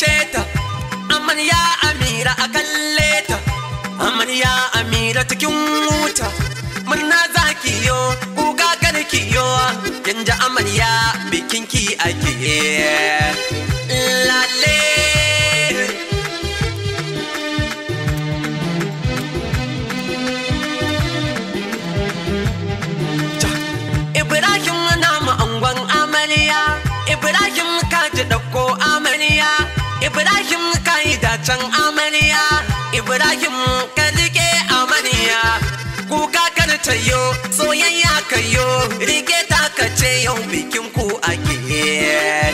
gaishe ta ya amira a kalle ta amarya amira cikin wuta murna za ki yo kuka kar ki yo yanja amarya bikin ki ake lale Ibrahim na mu amaliya, Ibrahim ka ji dauko amaliya. ibrahim ka rike amaniya kuka kar tayo soyayya kayo rike ta ka ce yau bikin ku ake